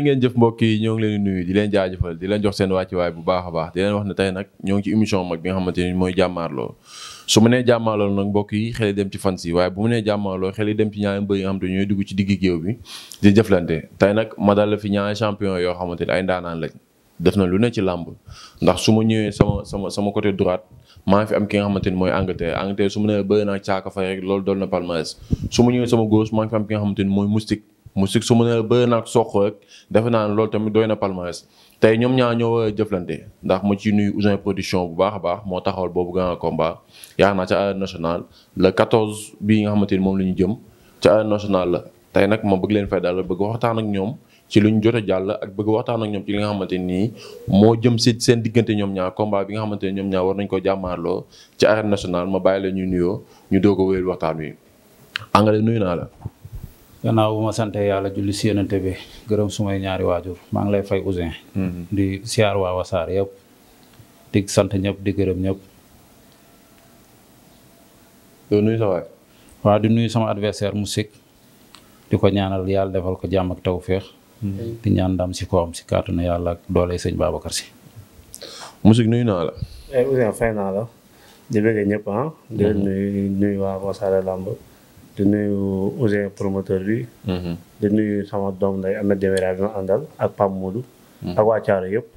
jërë ngeen jëf mbokk yi ñoo ngi leen nuyu di leen jaajëfal di leen jox seen wàccuwaay bu baax a baax di leen wax ne tey nag ñoo ngi ci émission mag bi nga xamante mooy jàmmaarloo su mu nee nag mbokk yi xel dem ci fans yi waaye bu mu nee jàmmaarloo dem ci ñaari mbër yi dugg ci digg géew bi di jëflante tey nag ma dal fi ñaari champion yoo xamante ni ay ndaanaan lañ def na lu ne ci làmb ndax su ma ñëwee sama sama sama côté droite maa fi am ki nga xamante ni mooy Angleterre Angleterre su mu nee bëri naa caaka fay rek loolu doon na palmarès su ma ñëwee sama gos maa ngi fi am ki nga xamante ni mooy Moustique mu si su ma nee bëri naa soq rek defe naa ne loolu tamit doy na palmarès tey ñoom ñaa ñoo war a jëflante ndax mu ci nuyu Ouzin production bu baax a baax moo taxawal boobu grand combat yaakaar naa ca arène nationale bii nga xamante ni moom la ñu jëm ca arène la tey nag ma bëgg leen fay daal bëgg waxtaan ak ñoom ci lu jot jàll ak bëgg waxtaan ak ñoom ci nga xamante nii moo jëm si seen diggante ñoom ñaar combat bi nga xamante ne ñoom ñaar war nañ ko jàmmaarloo ci arène national ma bàyyi la ñuy nuyoo ñu doo ko wéyal waxtaan wi Angale nuyu naa la. gannaaw bu ma sante yàlla julli si yonente bi gërëm sumay ñaari waajur maa ngi lay fay ousin mm-hmm. di siyaar waa wasaar yëpp di sant ñëpp di gërëm ñëpp doo nuyu sa waay di nuyu sama adversaire musique di ko ñaanal yàlla defal ko jàmm ak tawféex mm-hmm. di ñaan ndam si kawam si kàttu na yàlla doole sëñ Babacar si musique nuyu naa la eh, Ouzin fay naa la di bëgg ñëpp ah mm-hmm. di nuyu waa Wasaare Lamb di nuyu Ouzin promoteur bi. Mm-hmm. di nuyu sama doom nday Ameth Diawéra bi ma àndal ak Pape Modou. Mm-hmm. yëpp.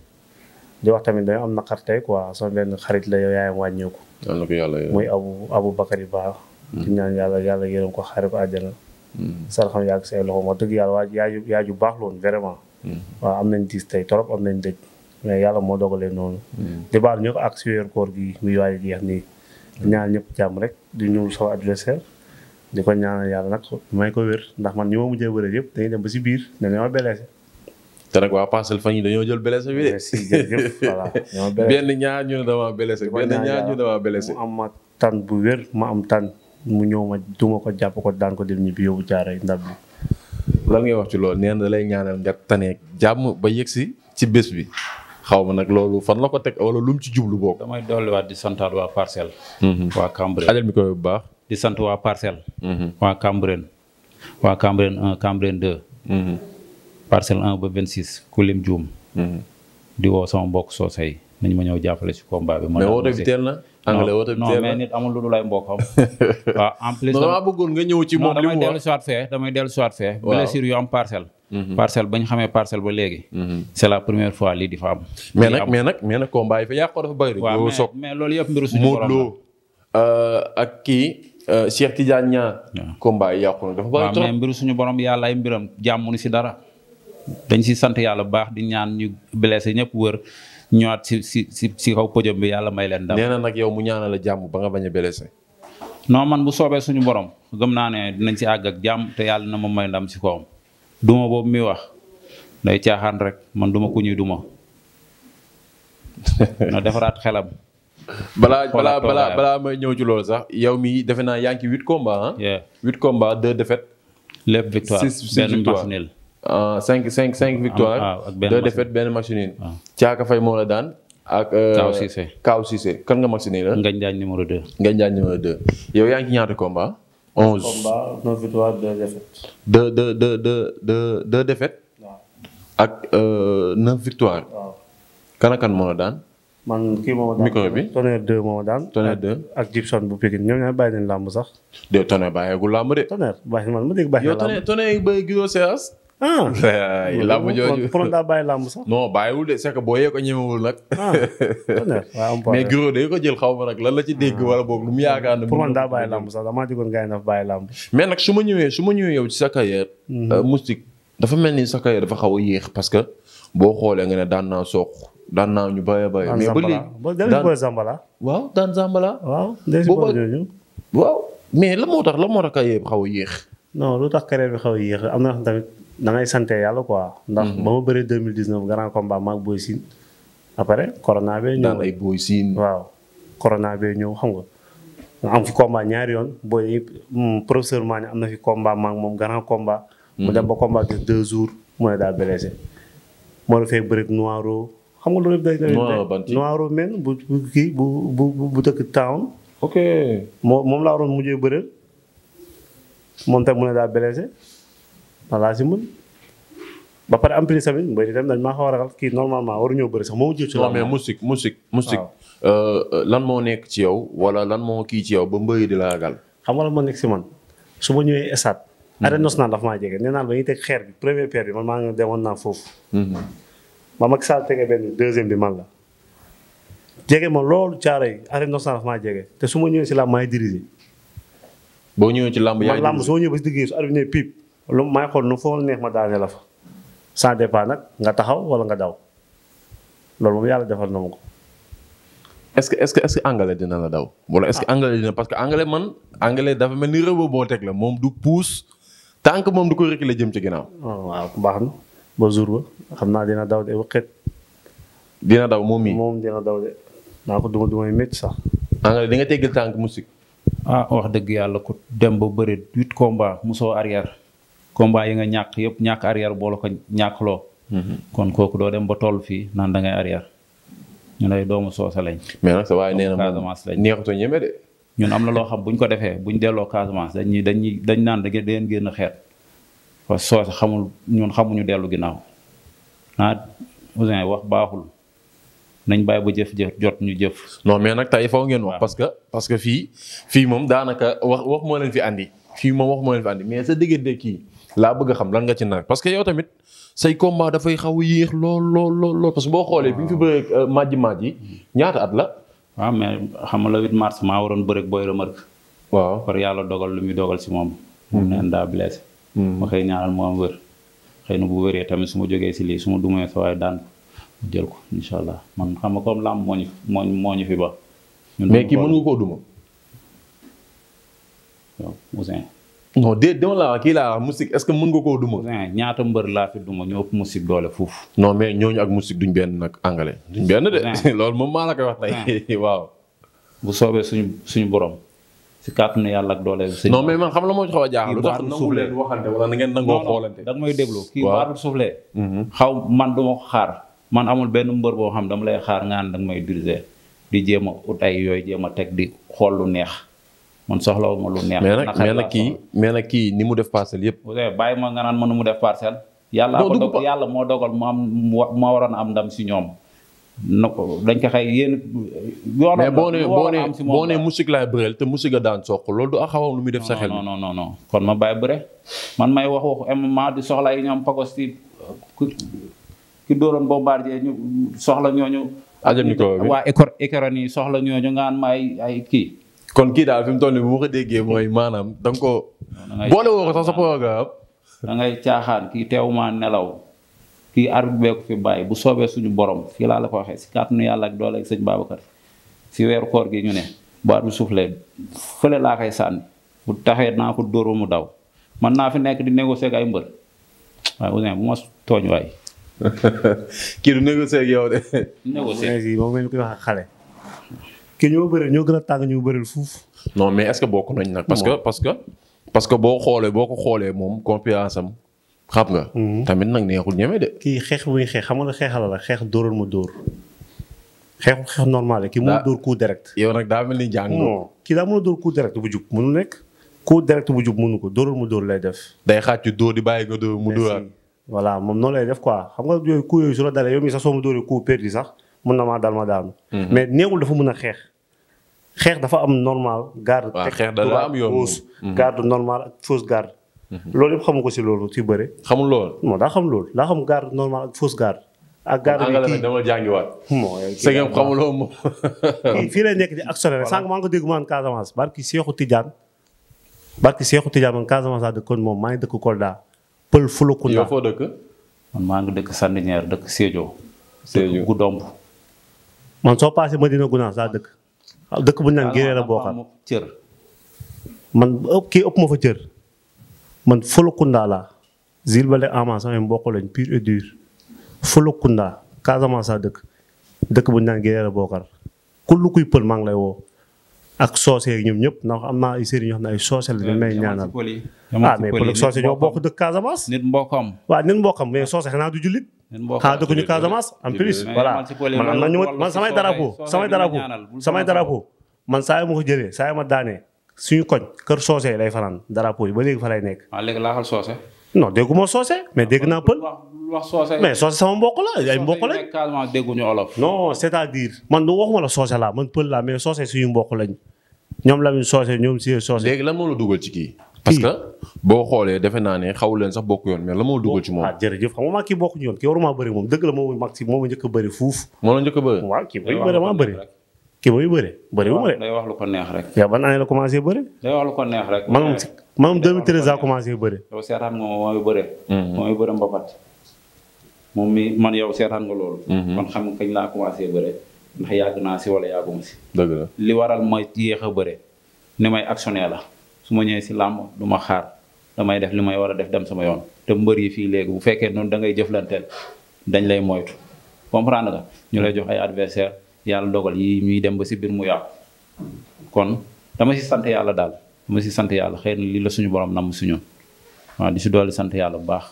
di tamit dañoo am naqar tey quoi sama benn xarit la yow yaayam wàññeeku. yàlla ko yàlla muy Abu Abu Bakari Ba. Mm-hmm. di ñaan yàlla yàlla ko xaare ko àjjana. sal xam yàgg say loxo wax dëgg yàlla waa yaaju yaaju baax loon vraiment. waaw am nañ tiis tey trop am nañ dëj. mais yàlla moo dogalee noonu. di baal ñëpp ak si koor gi muy waaj a jeex nii. ñaan ñëpp jàmm rek di ñuul sama adversaire. di ko ñaanal yàlla nag may ko wér ndax man ñi ma mujjee wëree yëpp dañuy dem ba si biir ne dañoo blessé. te nag waa Parcelles fan yii dañoo jël blessé bi de. benn ñaar ñu ne mu am ma tànn bu wér ma am tan mu ñëw ma duma ko jàpp ko daan ko dem ñibbi yóbbu jaaree ndab bi. la ngay wax ci lool nee na lay ñaanal nga tane jàmm ba yegg si ci bés bi xaw ma nag loolu fan la ko teg wala lu mu ci jublu boobu. damay dolliwaat di santaat waa Parcelles. Mhm. waa Cambérène. di sant waa parcelle. Mm-hmm. waa Cambérène waa Cambérène 1 Cambérène 2. Mm-hmm. parcelle 1 ba 26 ku lim juum. di woo sama mbokk soosay nañ ma ñëw jàppale si combat bi. mais woote bi teel na. anglais woote bi na non mais lu dul ay mbokkam. waaw en bëggoon nga ñëw ci moom li mu wax damay dellu soit fee damay dellu soit fee. waaw blessure yu am parcelle. Mm-hmm. parcelle ba ñu xamee parcelle ba léegi. c'est la première fois li di fa am. mais nag mais nag mais nag fa yàqoo dafa bëri. waaw mais loolu yëpp mbiru suñu borom euh, ak kii. Euh, Cheikh Tidiane Niang. waaw combat yi na mbiru suñu borom yàlla ay mbiram jàmmuñu si dara. dañ si sant yàlla bu baax di ñaan ñu blessé ñëpp wër ñëwaat si si kaw podium bi yàlla may leen. dara nee na nag yow mu ñaanal la jàmm ba nga bañ a blessé. non man bu soobee suñu borom gëm naa ne dinañ si àgg ak jàmm te yàlla na ma may ndam si kawam duma boobu mi wax day caaxaan rek man duma ku ñuy duma na defaraat xelam. balaa balaa balaa balaa may ñëw ci loolu sax yow mii defe naa yaa ngi ci huit combats ah. huit combats deux défaites. six victoire ah, cinq cinq cinq victoire. Ah, ak benn deux défaites benn match nul. Caaka ah. Faye moo la daan. ak euh, Kaaw Cissé. Kaaw Cissé kan nga match nul la. Ngagne Diagne numéro deux. Ngagne Diagne numéro deux. yow yaa ngi ci ñaata combats. onze combats neuf victoires deux défaites. deux deux deux deux deux deux défaites. ak euh, neuf victoires. waaw kan ak kan moo la daan. man kii moo bi tonnerre 2 moo daan. tonnerre 2 bu Pikine ñoom ñoo bàyyi sax. de tonnerre bàyyeegul làmb de. tonnerre bàyyi man ma dégg bàyyi na yow tonnerre bàyyi ah. làmb jooju pour daa bàyyi làmb sax. non bàyyiwul de c'est boo yee ko ñemewul nag. Ah, mais Guiro day ko jël xaw ma nag lan la ci dégg ah. wala boog lu mu yaakaar ne. pour man daa bàyyi làmb sax damaa déggoon gars yi dafa mais nag su ma ñëwee su ma ñëwee yow ci sa carrière. Mhm. Euh, moustique dafa mel ni sa carrière dafa xaw a yéex parce que boo xoolee nga ne daan naa soq daan naa ñu bëree bëri. mais ba léegi daan Zambala waaw daan Zambala. waaw waaw mais la moo tax la moo tax carrière bi xaw a yéex. non lu tax carrière bi xaw a yéex am na tamit da ngay sant yàlla quoi. ndax mhm. ba ma bëree 2019 mille combat maag Boy Sine. après corona bee ñëw daan ay Boy Sine. bee ñëw xam nga. am fi ñaari yoon booy hmm, professeur Magne am na fi combat maag moom grand combat. mu mhm. dem ba combat de deux jours mu ne daa moo la bëri noiro. xam nga loolu day day noiro men bu kii bu bu tëkk dëkk town ok moom laa waroon mujjee bëreel moom tam mu ne daa blessé ma laa si mën ba pare am plus tamit mbay tamit dañ maa xaw a ragal kii normalement waruñoo bëri sax moo jël ci mais musique musique musique euh, euh, lan moo nekk ci yow wala lan moo kii ci yow ba mbëy di la ragal xam nga la moo nekk si man su ma ñëwee esat hmm. nos nationale dafa maa jege nee naan ba ñuy teg xeer bi première pierre bi man maa ngi demoon naa foofu hmm. ma Macky Sall tege benn deuxième bi man la. jege ma loolu caare yi arène nationale maa jege te su ma ñëwee si làmb maay dirigé. boo ñëwee ci làmb yaay làmb soo ñëwee ba si diggee su arbitre ne piip lu maay xool nu foo neex ma daane la fa. sans dépend nag nga taxaw wala nga daw loolu moom yàlla defal na ko. est-ce que est-ce que est dina la daw. wala est-ce que ah. dina parce que anglais man anglais dafa mel ni rëbb boo teg la moom du puus tant que moom du ko reculer jëm ci ginnaaw. Oh, ba jour ba xam naa dina daw de waqet. dina daw moom mii moom dina daw de. naa ko duma dumay métti sax. engrais di nga teggal tànk musique. ah wax dëgg yàlla ko dem ba bëri huit combat musoo arrière. combat yi nga ñàkk yëpp ñàkk arrière boo la ko ñàkkloo. Mhm. kon kooku doo dem ba toll fii naan da ngay arrière. ñu lay doomu soosa lañ. mais nag sa waaye nee na Casamance lañ neexatoo ñeme de. ñun am na loo xam bu ñu ko defee bu ñu delloo Casamance dañ ñuy dañ dañ naan da ngeen génn xeet. wa soose xamul ñun xamuñu dellu ginnaaw ah Ouzin wax baaxul nañ bàyyi ba jëf-jëf jot jëf. non mais nag tey faw ngeen wax. parce que parce que fii fii moom daanaka wax fi andi. fii moom wax moo mais sa diggante kii laa bëgg a xam lan nga ci nawet parce que yow tamit say combat dafay xaw yéex lool lool boo xoolee bi ñu fi bëree euh, màjji màjji ñaata at la. waaw ah, mais xam nga le 8 mars maa waroon bëreeg booy remarque. waaw par yàlla dogal lu muy dogal si moom. mu neen daa blessé. Mm-hmm. ma xëy ñaanal mu wër xëy na bu wëree tamit su ma jógee si lii su ma dumee sa waaye daan ko jël ko incha allah man xam nga comme làmb moo ñu moo moo ñu fi ba. mais kii mën nga koo duma. waaw Ouzin. non déet dama la kii laa musique est-ce que mën nga koo duma. ñaata mbër laa fi duma ñoo ëpp doole fuuf. non mais ñooñu ak musique duñ benn nag angale. duñ benn de. loolu moom maa la koy wax tey waaw. bu soobee suñu suñu borom. si kàttanu yàlla ak dooleel. sëñ non mais man xam la moo ci xaw a jaaxal. lu tax nangu leen waxante wala na ngeen nangoo xoolante. da nga may déglu kii bu arbitre soufflé. Mhm. xaw man du ma xaar. man amul benn mbër boo xam dama lay xaar ngaan da nga may diriger di jéem a ut ay yooyu jéem a teg di xool lu neex man soxlawu ma lu neex. mais nag kii mais na kii ni mu def parcelle yëpp. bàyyi ma nga naan ma mu def parcelle. yàlla moo dogal mu am ma waroon am ndam si ñoom na ko dañ ko xëy yéen. yoonam mais boo nee boo nee boo laay bëreel te musique daan soq loolu du xawam muy def sa xel. non non non non man may wax waxu soxla yi ñoom Pagos ci ki dooroon bombardier ñu soxla ñooñu. ajani ko bi waa écor écran yi soxla ñooñu nga xam ay ay kii. kon kii daal fi mu toll nii bu ma ko déggee mooy maanaam da nga boole woo ko sax sa programme. da ngay caaxaan kii teewuma nelaw. kii arut bee fi bàyyi bu soobee suñu borom fii laa la ko waxee si kàttanu yàlla ak doole ak sëñ Babacar si weeru koor gi ñu ne bu arut suuflee fële laa koy sànni bu taxee naa ko dóor mu daw man naa fi nekk di négocier ak ay mbër waaye bu ma tooñ waay. kii du négocier ak yow de. négocier moom ngeen koy wax ak xale. kii ñoo bëri ñoo gën a tàng ñu bëril fuuf. non mais est-ce que bokk nañ nag. parce que parce que parce que boo xoolee boo ko xoolee moom confiance xam nga. Mhm. tamit nag neexul ñeme de. kii xeex bu muy xeex xam nga xeexal la xeex dóoral mu dóor. xeexu xeex normal la kii mënul dóor coup yow nag daa mel ni jàng. non kii daa mën bu jub mënul nekk. coup direct bu jub ko dóoral mu dóor lay def. day xàcc dóor di bàyyi nga dóor moom noonu lay def quoi xam nga yooyu coup yooyu su la dalee yow sax mën na maa dal ma daanu. Mhm. mais néewul dafa mën a xeex. xeex dafa am normal. garde teg droit gauche mhm. garde normal ak fausse garde Mm-hmm. loolu yëpp xamu ko si loolu si bëre. xamul loolu. non daa xam loolu daa xam garde normal ak fausse garde. ak garde bi fii lay nekk di ak sore rek sànq maa ngi dégg mu naan Casamance barki Seexu Tidiane. barki Seexu Tidiane man maa ngi dëkk Kolda maa ngi dëkk Sandinière dëkk Sédhiou. Sédhiou Goudomp. man soo paasee Medina dëkk. dëkk bu ñu kii ëpp ma fa cër man Folokunda laa Zilbale Ama samay mbokk lañ pur et dur Folokunda Casamance saa dëkk dëkk bu ñu naan Guédiawaye bookar ku lu kuy pël maa ngi lay woo ak soose yi ñëpp na am na ay sëriñ yoo xam ne ay soose la ñu may ñaanal ah mais en plus voilà man am dara ñu man samay darapo samay darapo samay man saa yi ma ko jëlee saa yi ma daanee suñu koñ kër soose lay fanaan drapeau yi ba léegi fa lay nekk. waaw léegi laaxal soose. non dégguma soose mais dégg naa pël. wax soose mais soose sama mbokk la ay mbokk lañ. soose dégguñu olof. non c'est-à-dire man du waxuma la soose man pël laa mais soose suñu mbokk lañ ñoom Lamine soose ñoom Sire soose. léegi lan moo la dugal ci kii. parce que boo xoolee defe naa ne xaw leen sax bokk yoon mais la moo dugal ci moom. ah jërëjëf xam nga maa kii bokkuñu yoon moom dëgg la moom mag si moom njëkk a bëri fuuf. moo la njëkk a bëri. waaw kii kii booy bëre bëriwul bëre. day wax lu ko neex rek. yow ban année commencé bëre. day wax lu ko neex rek. maanaam maanaam 2013 a commencé bëre. yow seetaan nga moom mooy bëre. moom mooy bëre mbapat. moom mi man yow seetaan nga loolu. kon hmm. xam nga kañ laa commencé bëre. ndax naa si wala li waral ma yéex a bëre. ni may actionné la su ma ñëwee si làmb du ma xaar damay def li may war a def dem sama yoon te mbër yi fii léegi bu fekkee noonu da ngay jëflanteel dañ lay moytu comprendre nga ñu lay jox ay adversaire yàlla dogal yi ñuy dem ba si biir mu yàqu kon dama si sant yàlla daal dama si sant yàlla xëy na lii la suñu borom nam suñu waaw di si dolli sant yàlla bu baax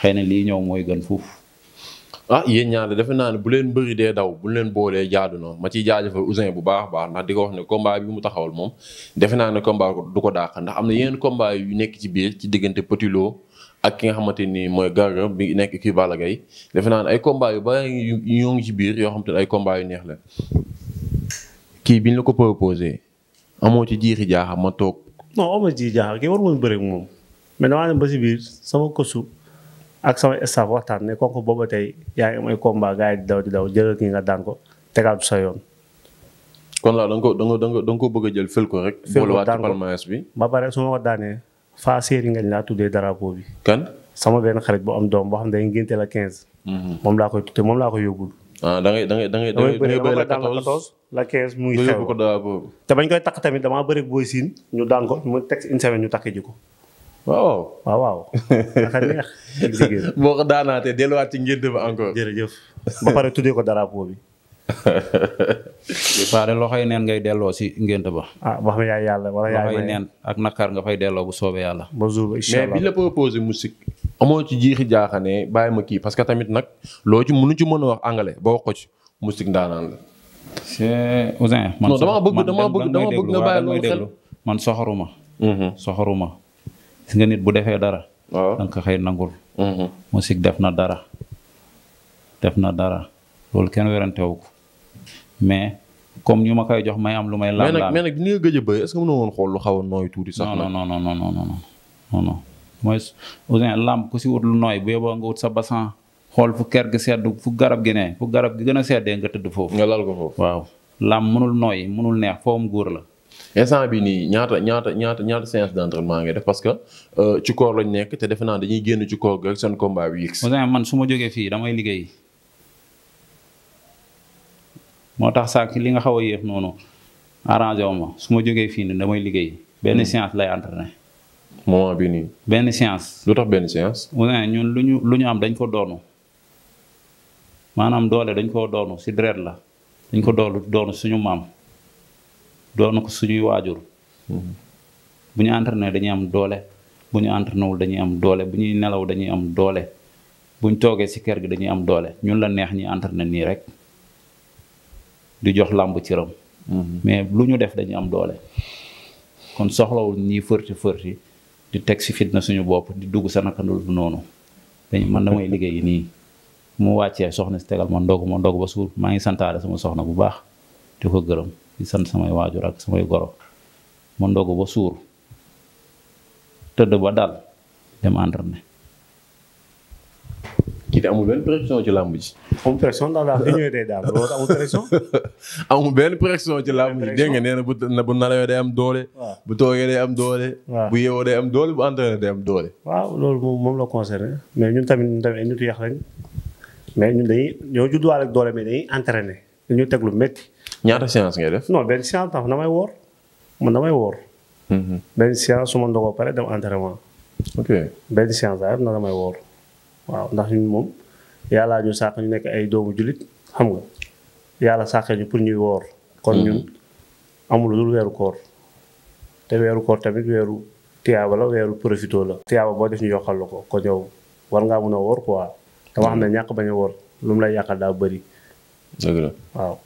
xëy na lii ñëw mooy gën fuuf ah yéen ñaar defe naa ne bu leen bëri dee daw bu leen boolee jaadu na ma ciy jaajëfal Ousin bu baax baax ndax di ko wax ne combat bi mu taxawal moom defe naa ne combat du ko dàq ndax am na yeneen combat yu nekk ci biir ci diggante Petit Lo ak ki nga xamante ni mooy Garga bi nekk kii Balla Gaye defe naa ne ay combat yu bari ñoo ngi ci biir yoo xam te ne ay combat yu neex la kii bi ñu la ko proposé amoo ci jiixi jaaxa ma toog. non amoo ci jiixi jaaxa kii war nga bëri ak moom mais damaa dem ba si biir sama kosu. ak sama staff waxtaan ne kooku booba tey yaa ngi am ay combat gars yi di daw di daw jëlal ki nga daan ko tegaat bu sa yoon. kon la da nga ko da nga ko bëgg a jël fël ko rek. fël ko bi. ba pare su ma ko daanee faa séeri ngañ laa tuddee drapeau bi. kan sama benn xarit bu am doom boo xam ne day ngénte la 15. Mhm. moom laa ko tuddee moom laa koy yóbbul. ah da ngay da ngay da ngay da ngay bëri la la 15 mu ngi xew te koy takk tamit damaa bëri booy siin ñu daan ko mu teg une ñu takk ji ko waaw waaw waaw. boo ko daanaatee delluwaat ci ngénte ba encore. jërëjëf ba pare tuddee ko drapeau bi. waa de loxoy neen ngay delloo si ngénte ba. ah wax nga yaay yàlla wala yaay loxoy neen ak nakaar nga fay delloo bu soobee yàlla. ba jour mais bi la proposé musique amoo ci jiixi jaaxane bàyyi ma kii parce que tamit nag loo ci mënu ci mën a wax angale ba wax ko ci musique ndaanaan la. c'est Ouzin. man dama bëgg dama bëgg man soxoruma. Mhm. soxoruma. gis nga nit bu defee dara. waaw da nga ko xëy nangul. Mm-hmm. musique def na dara def na dara loolu kenn werantewu ko mais comme ñu ma koy jox may am lu may. laal laal mais lu xaw tuuti. sax non non non non non non ku si wut lu nooy bu yeboo nga wut sa basan xool fu ker gi sedd fu garab gi ne fu garab gi gën a seddee nga tëdd foofu. waaw. làmb mënul nooy mënul neex foo góor la. instant bi nii ñaata ñaata ñaata ñaata séance d'entraînement ngay def que euh, ci koor lañ nekk te defe naa dañuy génn ci koor seen combat bi yëg. man su ma jógee fii liggéey moo tax sànq li nga xaw a yéex noonu arrangé wu su ma jógee fii nii damay liggéey. benn hmm. séance lay entraîné. bi nii. benn séance. lu tax benn séance. ñun lu ñu lu am dañ ko doonu maanaam doole dañ ko doonu si deret la dañ ko doolu doonu suñu maam. doon ko suñuy waajur. bu ñu entraîné dañuy am doole bu ñu entraîné wul dañuy am doole bu ñuy nelaw dañuy am doole bu ñu toogee si kër gi dañuy am doole ñun la neex ñi entraîné nii rek di jox làmb ciram. mais lu ñu def dañuy am doole. kon soxlawul ñiy fërti fërti di teg si fitna suñu bopp di dugg sa nakandul noonu dañ man damay liggéey nii mu wàccee soxna si tegal ma ndog ma ndog ba suur maa ngi santaale sama soxna bu baax di ko gërëm di sant samay waajur ak samay goro ma ndogu ba suur tëdd ba dal dem entraîné. kii de amul benn pression ci làmb amul benn pression ci làmb ji dégg na bu nalawee day am doole. bu toogee day am doole. bu yeewoo day am doole bu entraîné day am doole. waaw loolu moom moom la mais ñun tamit ñun tamit nit yàq lañ mais ñun dañuy ñoo judduwaale ak doole mais dañuy entraîné dañuy teg lu métti. ñaata séance ngay def. non benn séance tax damay woor man damay woor. Mm-hmm. benn séance su ma ndogoo pare dem entraînement. ok benn séance daal na damay woor. waaw ndax ñun moom yàllaa ñu sàq ñu nekk ay doomu jullit xam nga yàlla sàqee ñu pour ñuy woor. kon mm-hmm. ñun amul lu dul weeru koor. te weeru koor tamit weeru tiyaaba la weeru profito la. tiyaaba boo def ñu yokkal la ko kon yow war ngaa mun a woor quoi. dama xam ne ñàkk bañ a woor lu mu lay yàqal daa bëri. dëgg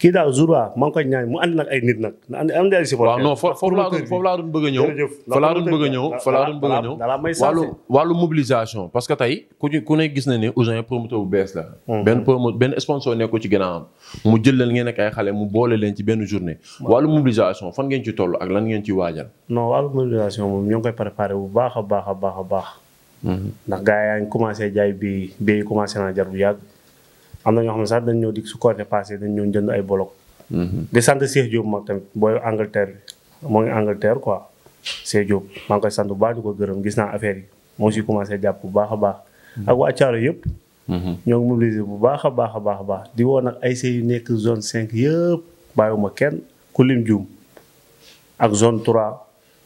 kii daal Zouba maa ngi koy ñaan mu ànd nag ay nit nag. am na foofu laa doon foofu a ñëw. fa laa doon bëgg ñëw fa mobilisation. parce que tey ku ne gis na ne Ouzin promoteur bu bees la. Hmm. benn sponsor nekk ko ci ginnaawam. mu jël leen ngeen ak ay xale mu boole leen ci benn journée. Hmm. wàllu mobilisation fan ngeen ci toll ak lan ngeen ci waajal. non wàllu mobilisation moom ñoo ngi koy préparé bu baax a baax a baax a baax. Hmm. ndax gaa yaa ngi commencé jaay bii bii commencé naa jar bu am na ñoo xam ne sax dañ ñëw di su Korité passé dañ ñëw jënd ay bolok. Mhm. di sant Cheikh Diop moom tamit booy Angleterre moo ngi Angleterre quoi Cheikh Diop sant baax di ko gërëm gis naa affaire yi moo si commencé jàpp bu baax a baax. Mhm. ak waa Thiaro yëpp. Mhm. ñoo ngi bu baax a baax a baax a baax di woo nag ay sey nekk zone 5 yëpp bàyyiwuma kenn ku lim juum ak zone 3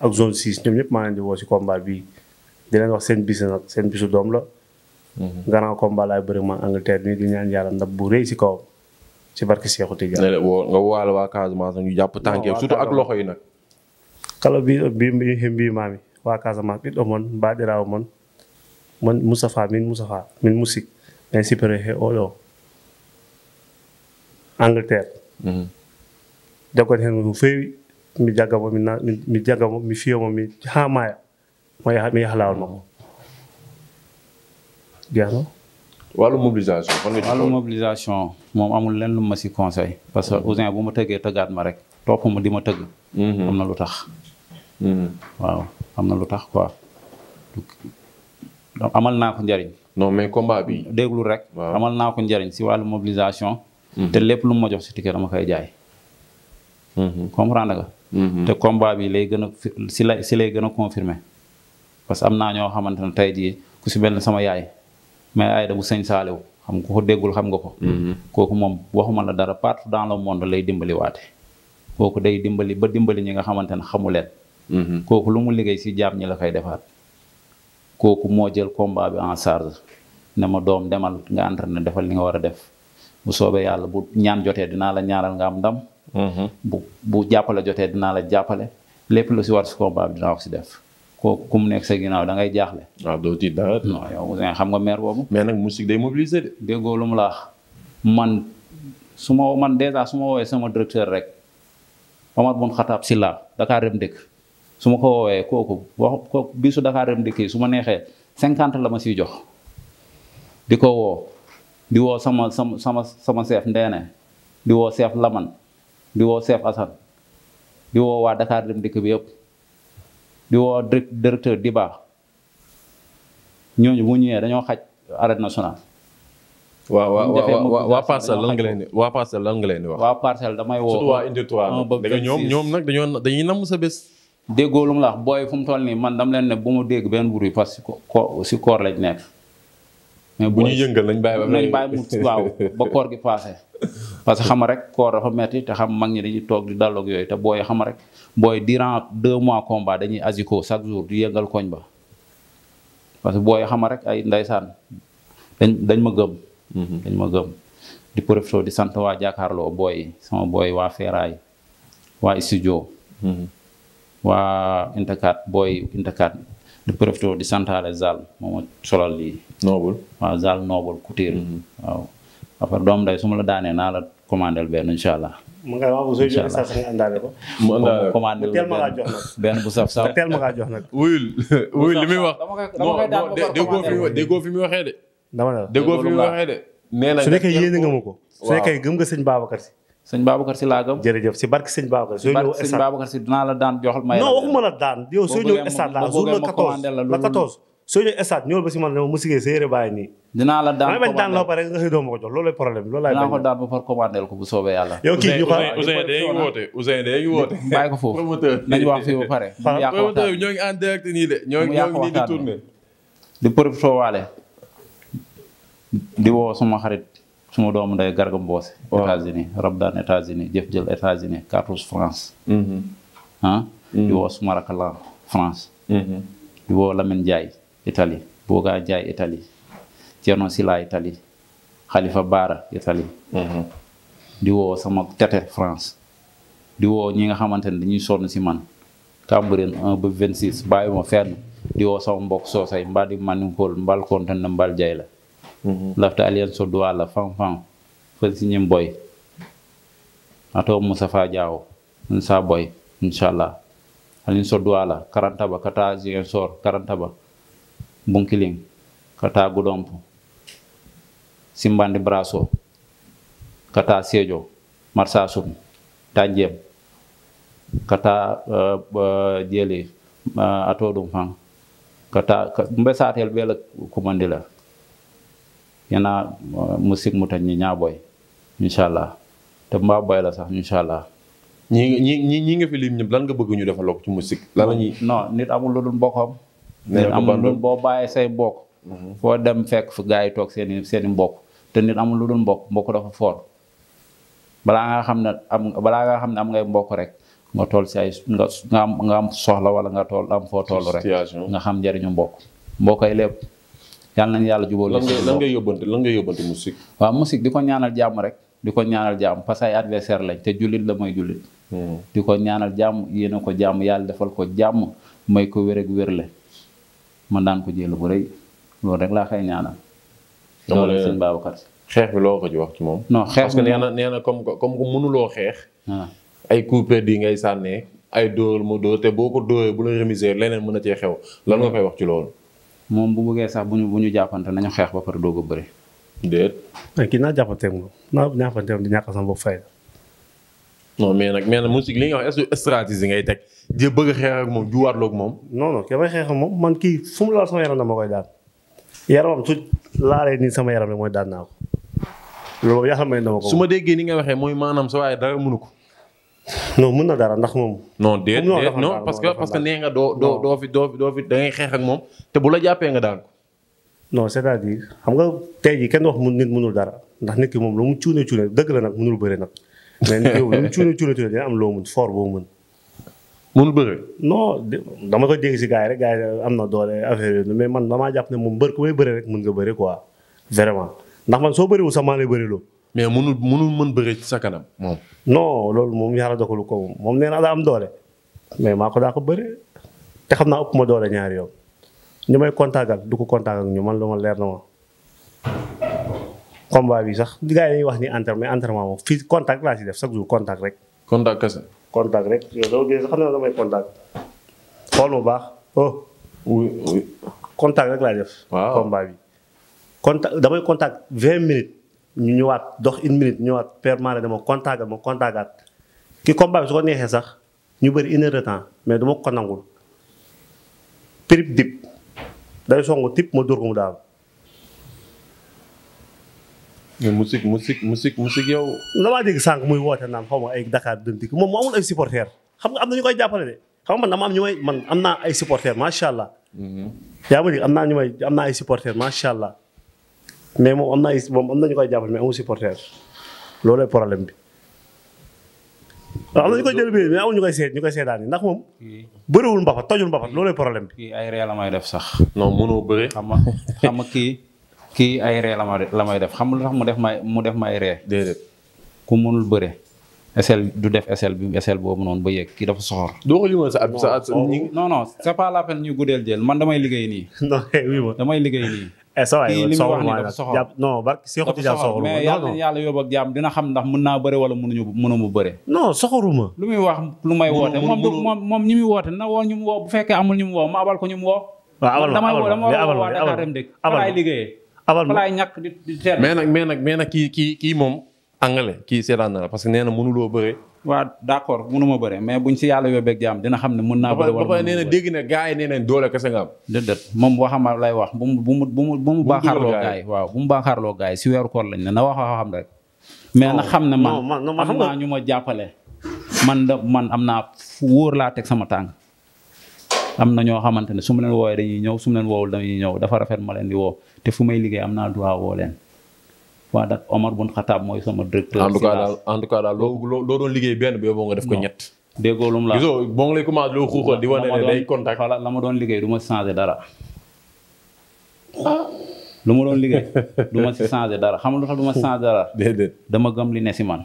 ak zone 6 ñoom ñëpp maa leen di woo si combat bii di leen wax seen bis nag seen bisu doom la. Mhm. grand combat laay bëri ma Angleterre nii di ñaan yàlla ndab bu rëy si kawam si barke Seexu Tijaan. nga woo waa Casamance ñu jàpp tànk surtout ak loxo yi nag. kala bi bi bi mbii waa Casamance bi domoon baadiraw mon man Moustapha min Moustapha min musik mais si pere oɗo oh, oh. Angleterre jaggode mhm. hen ko feewi mi jaggamo mi mi fiyomo mi haa mi yaha lawol makko mhm. Diallo. wàllu mobilisation fan mobilisation moom amul lenn lu ma si conseil parce que Ousin bu ma tëggee tëggaat ma rek topp ma di ma tëgg. Mhm. am na lu tax. Mhm. am na lu tax quoi. donc amal naa ko njariñ. non bi. déglu rek. amal naa ko njariñ si wàllu mobilisation. Mhm. te lépp lu ma jox si ticket dama koy jaay. comprendre nga. te combat bi lay gën a si lay si lay gën a confirmer parce que am naa ñoo xamante ne tey jii ku si mel ne sama yaay. mais Aïda bu sëñ saaliw xam nga ko déggul xam nga ko mm-hmm. kooku moom waxuma la dara partout dans le monde lay dimbali waate kooku day dimbali ba dimbali ñi nga xamante ne xamu leen mm-hmm. kooku lu mu liggéey si jaam ñi la koy defaat kooku moo jël combat bi en charge ne ma doom demal nga entraîné defal li nga war a def bu soobee yàlla bu ñaan jotee dinaa la ñaanal nga am ndam mm-hmm. bu bu jàppale jotee dinaa la jàppale lépp lu si war si combat bi dinaa wax si def kooku ku nekk sa ginnaaw da ngay jaaxle. waaw ah, xam nga maire boobu. mais nag musique day mobiliser de. déggoo lu mu laax man su ma man dèjà su ma woowee sama directeur rek Omar Bun Xataab Silla Dakar Dem su ma ko woowee kooku wax ko bisu Dem Dëkk su ma neexee cinquante la ma siy jox di ko woo. di woo sama sama sama sama chef ndeene di woo chef Laman di woo chef Assane di woo waa Dakar Dem Dikk bi yëpp di woo directeur di baax ñooñu bu ñëwee dañoo xaj arrêt national. waaw waaw waa parcelle lan nga leen di waa parcelle nga leen di damay woo surtout waa dañoo dañuy namm sa bés. déggoo lu mu booy fu mu toll nii man dam leen ne bu mu dégg benn bruit parce que ko si koor lañ nekk. mais bu ñuy yëngal nañ bàyyi ba nañ gi passé. parce que xam rek koor dafa metti te xam mag ñi dañuy toog di dalloog yooyu te booy xam rek. booy durant deux mois combat dañuy asiko chaque jour di yëngal koñ ba parce que booy xama rek ay ndaysaan dañ ma gëm mhm. dañ ma gëm di profito di sant waa jàkkaarloo booy sama booy waa feeraay waa studio mhm. waa Intercat di profito di moom a solal lii noobul mhm. waaw waaw après doom day su ma la daanee naa la commandel benn incha allah mu nga wax bu sooy joxe sax nga àndaale teel ma laa jox nag. benn bu saf saf teel ma jox nag. wuyul wuyul li muy wax. déggoo fi déggoo muy waxee de. dama la déggoo na su nekkee yéene nga ma ko. waaw su nekkee gëm nga sëñ Babacar si. sëñ Babacar si laa gëm. jërëjëf si barke sëñ Babacar si. barke sëñ dinaa la daan joxal may. non waxuma la daan yow soo ñëw stade la la 14 soo ñëwee stade ñëwal ba si man ne ma mu sigee séeréer bàyyi nii. dinaa la daan bañ daan loolu lay problème loolu laay daan ba par ko bu soobee ko foofu promoteur nañu wax di tourné. di profito di woo suma xarit suma doomu nday Garga Mbossé. États-Unis Rabdan États-Unis jëf jël États-Unis 14 France. Mhm. Ah? di mhm. woo suma rakala France. Mhm. di woo Lamine Ndiaye. Italie Boga Ndiaye Italie Thierno Sila Italie Khalifa Baara Italie mhm. di woo sama tete France di woo ñi nga xamante ne dañuy sonn si man Cambérène 1 ba 26 bàyyi ma fenn di woo sama mbokk soosay mbaa di maninkool mbal kontaan na mbal jay la mhm. lafta alien so la fan-fan fël si ñim boy atoo Moustapha Diaw sa boy incha allah alin so duwa la karantaba kata jigéen soor karantaba bunkiling kata gudompo simbandi braso kata sejo marsa sum tanjem kata uh, uh, jeli uh, ato ɗum fan kata mbe satel ɓeela kumandi la yana uh, ñi mu tañi ñaaboy inchallah te mbaa boy la sax inchallah ñi ñi ñi nga fi lim ñëpp lan nga bëgg ñu defal ko ci musique. lan la nit amul lu dul mbokkam nit amul lu boo bàyyee say mbokk mhm. foo dem fekk fu gars yi toog seen i mbokk te nit amul lu dul mbokk mbokk dafa fort balaa xam ne am balaa nga xam ne am ngay mbokk rek nga tool si ay nga am nga am soxla wala nga toll am foo toll rek nga xam njëriñu mbokk mbokk ay lépp yàlla nañ yàlla jubóol lan ngay yóbbante lan ngay yóbbante di ko ñaanal jàmm rek di ko ñaanal jàmm parce que ay lañ te jullit la mooy jullit hmm. di ko ñaanal jàmm yéene ko jàmm yàlla defal ko jàmm may ko wér ak wér la man daan ko jël bu rëy loolu rek laa xëy ñaanal. dama la sëñ Babacar si. xeex bi loo ko ci wax ci moom. no xeex parce que nee na nee na comme comme que mënuloo xeex. Ah. ay coupé di ngay sànnee ay dóor mu dóor te boo ko dóoree bu la remiser leneen mën a cee xew lan nga koy mm. wax ci loolu. moom bu bëggee sax bu ñu bu ñu jàppante nañu xeex ba pare doo ko bëri. déet. kii naa jàppanteeg moom naa jàppanteeg di ñàkk sama bopp fay non mais nag mais nag musique li nga wax est-ce que stratégie ngay teg a xeex ak moom moom. non non xeex ak man kii fu mu laal sama yaram dama koy daan yaramam su laalee sama yaram mooy daan naa ko loolu yàlla may dama su ma déggee ni nga waxee mooy maanaam sa waaye dara mënu ko. non mën na ndax moom. non déet déet non parce que parce que nee nga doo doo doo fi doo fi doo fi da xeex ak moom te bu la jàppee nga daan ko. non c'est-à-dire xam nga tey jii kenn wax mu nit mënul dara ndax nekk moom lu mu cuune cuune dëgg la nag mënul bëre nag mais yow lu mu cuune cuune cuune dina am loo mun fort boo mën. mënul bëre. non dama ko dégg si gars yi rek gars yi am na doole affaire yooyu mais man damaa jàpp ne moom mbër ku may rek mën nga bëre quoi vraiment ndax soo bëriwul sax maa lay mais mënul mënul mën bëre ci sa kanam moom. non loolu moom yàlla dogalu ko moom moom nee naa daa am doole mais maa ko daa ko bëre te xam naa ëpp ma doole ñaari yow ñu may kontaagal du ko kontaag ñu man lu ma leer na ma. combat bi sax gars yi dañuy wax ni entraînement entraînement moom fii contact laa ci def chaque jour contact rek. contact kese. contact rek yow xam naa damay contact xool baax oh. rek laa def. waaw combat contact damay contact vingt minutes ñu ñëwaat dox une minute ñëwaat permanent dama contact ma contactaat ki combat bi su ko neexee sax ñu bëri une heure mais du ma ko nangul. pirip dip day songu tip ma dóor ko mu daal. musique musique musique musique yow. la maa dégg sànq muy woote naan xaw ma ay Dakar dem dikk moom mu amul ay xam nga am na ñu koy jàppale xam nga man dama am man am naa ay supporters macha allah. Mm-hmm. yaa ma dégg am naa ñu may am na ay supporters macha allah mais moom am na ay moom am na ñu mais amul supporters loolooy problème bi. waaw am na ñu koy jël biir mais amul ñu koy seet ñu koy seetaan yi ndax moom. bëriwul mbapat tojul mbapat loolooy problème bi. ay réew la may def sax. noo mënoo bëre. xam kii ay ree la la may def xam lu tax mu def may mu def may ree ku mënul bëre esel du def esel bi esel boobu noonu ba yegg ki dafa soxor. doo ko limal sa ab sa at. non non c'est pas la peine ñu guddeel jël man damay liggéey nii. non eh, damay liggéey nii. sa eh, waay eh, li mu wax nii dafa soxor non barke Seexu Tijaan soxoruma yàlla yàlla yóbbu dina xam ndax mën naa bëre wala mënuñu mënuma bëre. non soxoruma. lu muy wax lu may woote moom moom moom ñu muy woote na woo ñu woo bu fekkee amul ñu mu woo ma abal ko ñu mu woo. waaw abal ma abal ma abal ma abal abal ma ñàkk di di teel mais nag mais nag kii kii kii moom angale kii seetaan na la parce que nee na mënuloo bëre. waaw d'accord mënuma ma bëre mais buñ si yàlla yóbbeeg jaam dina xam ne mën naa bëre wala ba pare nee na dégg na gars yi doole kese nga am déedéet moom waxama lay wax bu mu mu bu mu bu mu waaw bu mu baaxaarloo gars yi si weeru koor lañ ne na wax waxam rek mais na xam ne man am naa ñu ma jàppale man da man am naa wóor laa teg sama tànk am na ñoo xamante ne su ma leen woowee dañuy ñëw su ma leen woowul dañuy ñëw dafa rafet ma leen di woo te fu may liggéey am naa droit woo leen waa dak Omar bun Xataab mooy sama directeur. en daal en tout cas daal loo loo doon liggéey benn bi boo nga def ko ñett. déggoo lum la gisoo boo ngi lay commencé loo xuuxal ma doon liggéey du ma dara. Ah. lu ma doon liggéey du ma si dara xam lu tax du ma dara. dama gëm li ne si man.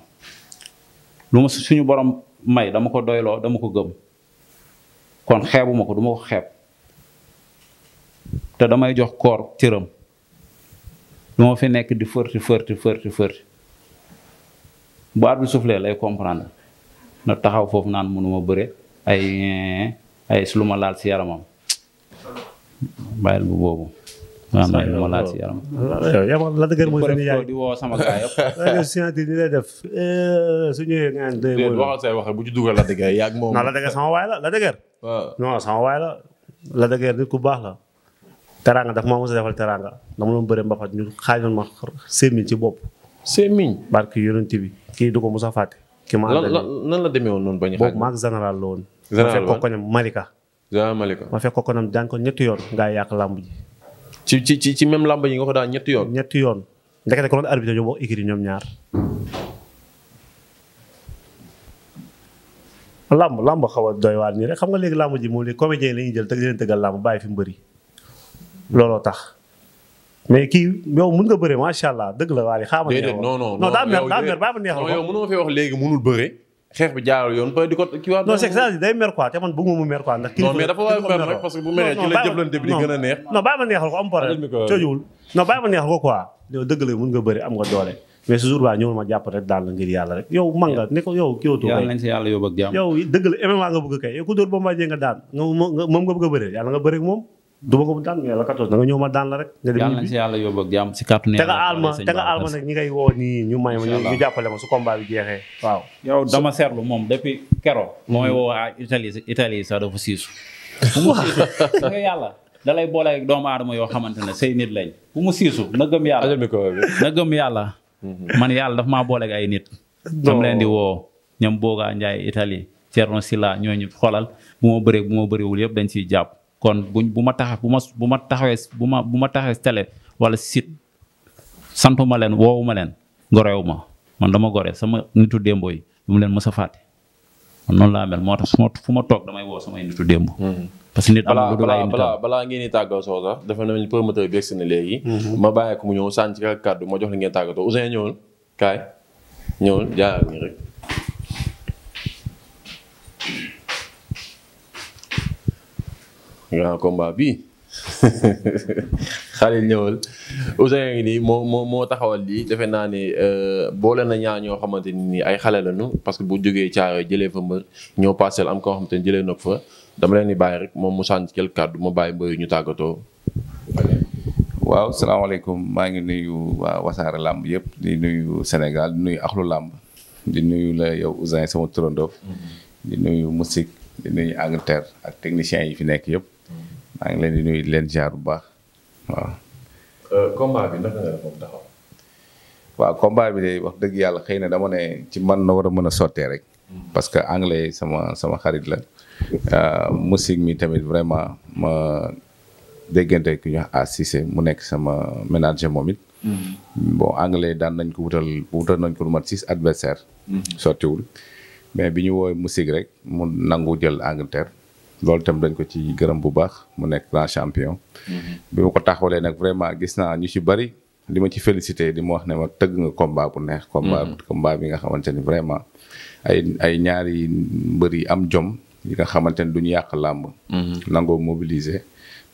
lu ma suñu borom may dama ko doyloo dama ko gëm. kon xeebu ma ko du ma ko xeeb. te damay jox koor cëram. du ma fi nekk di fërti fërti fërti fërti bu aar bi lay comprendre na taxaw foofu naan mënuma bëre ay ay su lu ma laal si yaramam bàyyil bu boobu. waaw waaw lu ma laal si yaramam. yow la dëgër mooy seen yaay di woo sama gars yëpp. def eh, su ñëwee bu ci dugal la dëgër yaa ak moom. non la dëgër sama waay la la dëgër. non sama waay la la dëgër nit ku baax la. teraanga daf maa mos a defal teraanga dama doon bëre mbapat ñu xaajoon ma sémmiñ ci bopp. sémmiñ. barke yonent bi kii du ko mos a fàtte. ki ma la demee woon noonu ba ñu. boobu ma fekk ko koñam Malika. général Malika fekk ko koñam daan ko ñetti yoon ngaa yàq làmb ji. ci ci ci ci même làmb yi nga ko daan ñetti yoon. ñetti yoon ndekete ko doon arbitre ñoo bokk écurie ñoom ñaar. làmb làmb xaw a doy waar nii rek xam nga léegi làmb ji moom léegi comédien la jël teg leen tëggal làmb bàyyi fi mbëri looloo tax mais kii yow mun nga bëre macha allah dëgg la waaye xaaral ma. déedéet non non non daa mer daa mer ma neexal wax léegi munul bëre. xeex bi jaarul yoon peut ko kii waa. non c'est a mer nag a neex. non baa ma neexal ko am problème ko quoi. yow dëgg la mun nga bëre am nga doole. mais ce jour là ñëwul ma jàpp rek daal la ngir yàlla rek yow man nga ne ko yow kii watu yàlla yow dëgg la MMA nga bëgg kay yow ku dóor Bombardier nga daan moom nga bëgg a bëre yàlla nga bëre moom du ma ko mu daan la ma daan rek. nga dem yàlla si yàlla yóbbu ak jàmm si kàttu. te nga aal aal ma nag ñi ngay woo nii ñu may ma ñu jàppale ma su combat bi jeexee. waaw yow dama seetlu moom depuis keroog. mooy woo ah Italie Italie sax dafa siisu. nga yàlla. da lay boole ak doomu aadama yoo xamante ne say nit lañ bu mu siisu na gëm yàlla na gëm yàlla. Mhm. man yàlla dafa maa boole ak ay nit. dama leen di woo ñoom Boga Ndiaye Italie Thierno Silla ñooñu xoolal bu ma bëree bu ma bëriwul yëpp dañ ciy jàpp kon buñ bu ma tax bu ma bu ma taxawee bu ma bu ma taxawee télé wala site santuma leen woowuma leen gorewu ma man dama gore sama nitu démbo yi mu leen mës a fàtte man noonu laa mel moo tax su ma ma toog damay woo sama nitu démbo hmm. parce que nit balaa balaa balaa ngeen di tàggatoo sax dafa ne promoteur bi yegsi na léegi. Hmm. ma bàyyi ko mu ñëw sànni ci kàddu ma jox la ngeen tàggatoo Ouzin ñëwul kaay ñëwul jaay rek. grand combat bi Khalil ñëwal Ousseynou ngi nii moo moo taxawal lii defe naa ne euh, boole na ñaar ñoo xamante ni ay xale lañu parce que bu jógee Thiaroye jëlee fa mbër ñoo Parcelles am koo xamante ni jëlee na ko fa dama leen di bàyyi rek moom mu sànni quelque kàddu ma bàyyi mbër ñu tàggatoo. waaw salaamaaleykum maa ngi nuyu waa làmb yëpp di nuyu Sénégal di nuyu axlu làmb di nuyu la yow Ousseynou sama turandoo. Mm-hmm. di nuyu musique di nuyu Angleterre ak techniciens yi fi nekk yëpp. maa ngi leen di leen ziar bu baax waaw. Euh, combat bi bi de wax dëgg yàlla xëy na dama ne ci man na war a mën a sottee rek. Mm-hmm. parce que anglais sama sama xarit la. Euh, musique mi tamit vraiment ma déggante ku ñu wax à Cissé mu nekk sama manager moom it. Mm-hmm. bon anglais daan nañ ko wutal wutal nañ ko lu mat six adversaire mm-hmm. sottiwul mais bi ñu woowee musique rek mu nangu jël Angleterre. loolu itam dañ ko ci gërëm bu baax mu nekk grand champion. Mm-hmm. bi ma ko taxawalee nag vraiment gis naa ñu ci bari li ma ci félicité di ma wax ne ma tëgg nga combat bu neex. combat mm-hmm. combat nga xamante ni vraiment ay ay ñaari mbër yi am jom yi nga xamante ni du ñu yàq làmb. Mm-hmm. nangoo mobiliser.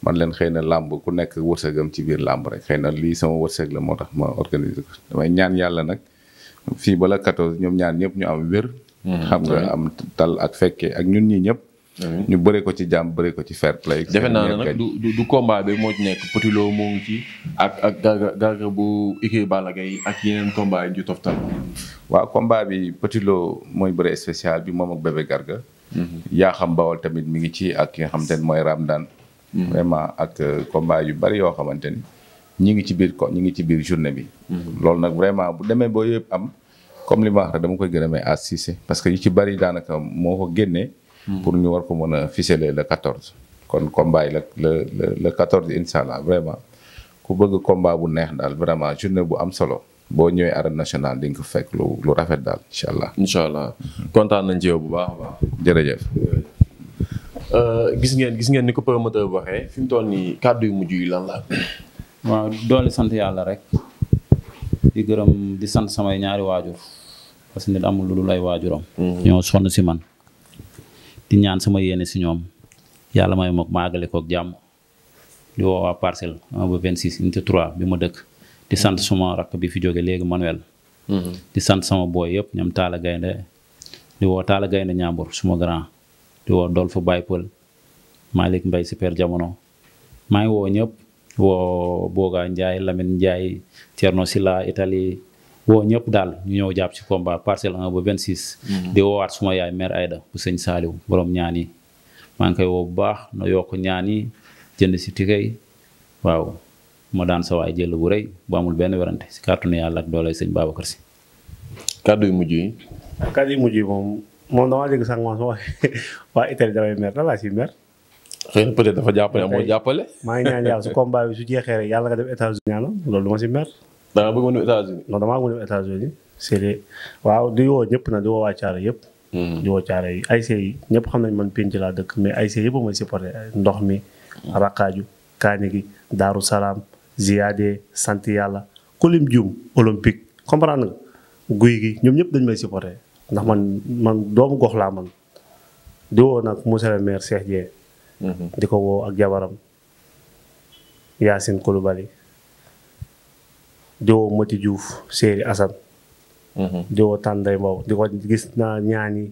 man leen xëy na làmb ku nekk wërsëgam ci biir làmb rek xëy na lii sama wërsëg la moo tax ma organiser ko damay ñaan yàlla nag fii bala 14 ñoom ñaan ñëpp ñu am wér. xam nga am tal ak fekke ak ñun ñii ñëpp. ñu bëree ko ci jàmm bëree ko ci fair play. defe naa ne nag du du combat bi moo ci nekk Petit ak ak garga bu écurie Balla Gaye ak yeneen combat yi ñu toftal. waaw combat bi Petit mooy bëre spécial bi moom ak bébé garga. Mhm. yaa xam bawol tamit mi ngi ci ak ki nga xamante ne mooy Ramdan. Mhm. vraiment ak euh, combat yu bari yoo xamante ni ñi ngi ci biir ko ñi ngi ci biir journée bi. Mhm. loolu nag vraiment bu demee boo yëpp am comme li ma wax rek dama koy may à Cissé parce que yu ci bari daanaka moo ko génnee. Hmm. pour ñu war ko mën a ficeler le 14. kon combat yi la le le le 14 incha allah vraiment ku bëgg combat bu neex daal vraiment journée bu am solo. boo ñëwee arène nationale di nga ko fekk lu rafet daal incha allah. incha allah kontaan nañ ci bu baax a baax. jërëjëf. Euh, gis ngeen gis ngeen ni ko promoteur waxee fi mu toll nii kàddu yu mujj yi lan la. waaw doole sant yàlla rek. di gërëm di sant samay ñaari waajur parce que nit amul lu lay waajuram. Hmm. ñoo sonn si man. di ñaan sama yéene si ñoom yàlla may ma maagale koog jàmm di woo waa parcelle 1 ba 26 unité 3 bi ma dëkk di sant suma rakk bi fi jóge léegi Manuel. Mm-hmm. di sant sama booy yëpp ñoom Talla Gaynde di woo Talla Gaynde Ñambur suma grand di woo Dolphe Baye Pël Malick mbay super jamono maa ngi woo ñëpp woo Boga Ndiaye Lamine Ndiaye Silla Italie woo ñëpp daal ñu ñëw jàpp ci combat parcelle 1 ba 26. Mm-hmm. di woowaat suma yaay mère Aida bu sëñ Saaliw borom ñaan yi maa ngi koy woo bu baax na yokk ñaan yi jënd si tikey waaw ma daan sa waay jël bu rëy bu amul benn werante si kàttanu yàlla ak doole sëñ Babacar si. kàddu yi. kàddu mujj yi moom moom damaa dégg sànq moom sama waa Italie damay mer lan laa siy mer. xëy na peut dafa jàppale moo jàppale. maa ngi ñaan yàlla su combat bi su jeexee rek da nga bëggoon États-Unis États-Unis c'est waaw di woo ñëpp nag di waa Thiaré yëpp. Hmm. di woo yi ASC yi ñëpp xam nañ man penc laa dëkk mais ASC yëpp mooy supporté ndox mi. Hmm. Rakkaaju Kaani gi Daaru Salaam Ziyaade sant yàlla Kulim Dioum olympique comprendre guy gi ñoom ñëpp dañ may supporté ndax man man doomu gox laa man di woo nag monsieur le maire hmm. di ko woo ak jabaram Yacine Coulibaly di woo Mati Diouf Séeri Assane. Mhm. di woo Tànday Mbow di ko gis naa ñaani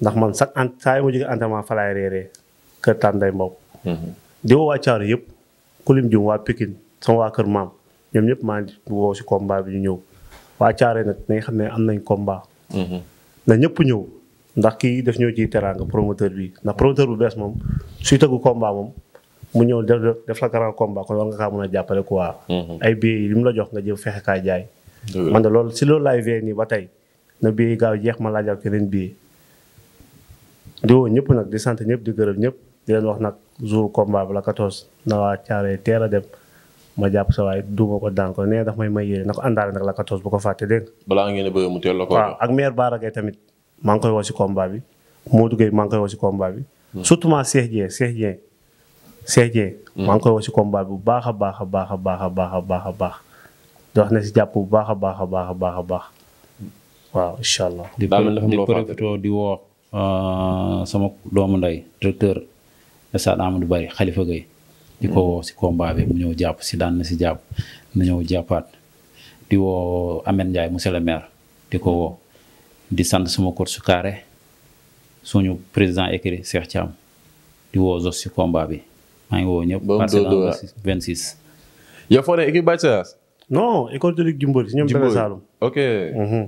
ndax man sax en saa yi ma jógee entraînement fa laay reeree kër Tànday Mbow. Mhm. di waa Thiarou yëpp ku lim jum waa Pikine sama waa kër maam ñoom ñëpp maa ngi woo si combat bi ñu ñëw waa Thiarou nag nañ xam ne am nañ combat. Mhm. na ñëpp ñëw ndax kii daf ñëw ci teraanga promoteur bi ndax promoteur bu bees moom suy tëggu combat moom. mu ñëw def def la grand combat kon war nga kaa mën a jàppale quoi. Mhm. ay billets yi li mu la jox nga jëm fexe kaa jaay. man de loolu si loolu laay veillé nii ba tey na billet yi gaaw jeex ma laajal keneen billet. di woo ñëpp nag di sant ñëpp di gërëm ñëpp di leen wax nag jour combat bi la 14 na waa caaree teel a dem ma jàpp sa waaye duma ko daan ko nee daf may may yéene na ko àndaale nag la 14 bu ko fàtte dégg nga. balaa ngeen a bëgg mu teel la ko. waaw ak maire Baara Gueye si combat bi Modou Gueye maa ngi si combat bi. Hmm. surtout maa Sédhié. maa ngi koy wo si combat bu baax a baax a baax a baax a baax a baax a baax wax ne si jàpp bu baax a baax a baax a baax a baax waaw incha allah. di profito di woo sama doomu nday directeur stade Amadou bari xalifa Gueye di ko woo si combat bi mu ñëw jàpp si daan na si jàpp na ñëw jàppaat di woo Amène Ndiaye monsieur le maire di ko woo di sant sama coach Kaare suñu président écrit Cheikh Thiam di woo Zos si combat bi. maa ngi woo ñëpp. parcelle en 26. yow foo ne équipe Bathie Seras. non école de lutte Jimbori si ñoom Bébé Saloum. ok. Mhm.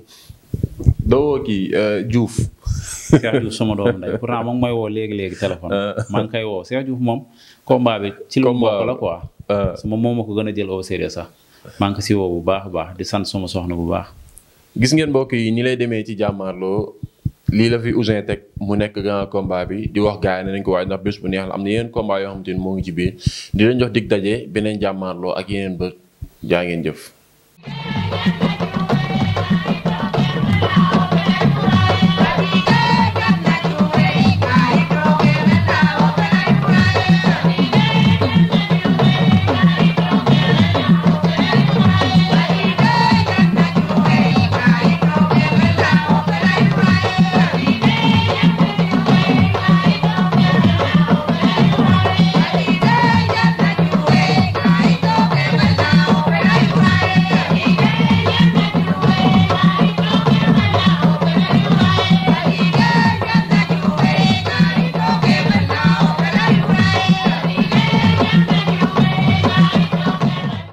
doo woo kii euh, Diouf. Cheikh Diouf sama doomu ndey pourtant moom woo léegi léegi téléphone. Euh. maa ngi koy woo Cheikh Diouf moom. combat bi ci lu mbokk la quoi. su euh. ma moom ma ko gën a jël au sérieux sax. man ngi si woo bu baax a baax di sant suma soxna bu baax. gis ngeen mbokk yi lay demee ci jàmmaarloo lii la fi ousin teg mu nekk grand combat bi di wax gars yi ne nañ ko waaye ndax bés bu neex la am na yeneen combat yoo xamante ni moo ngi ci biir di jox dig daje beneen jàmmaarloo ak yeneen bët jaa ngeen jëf.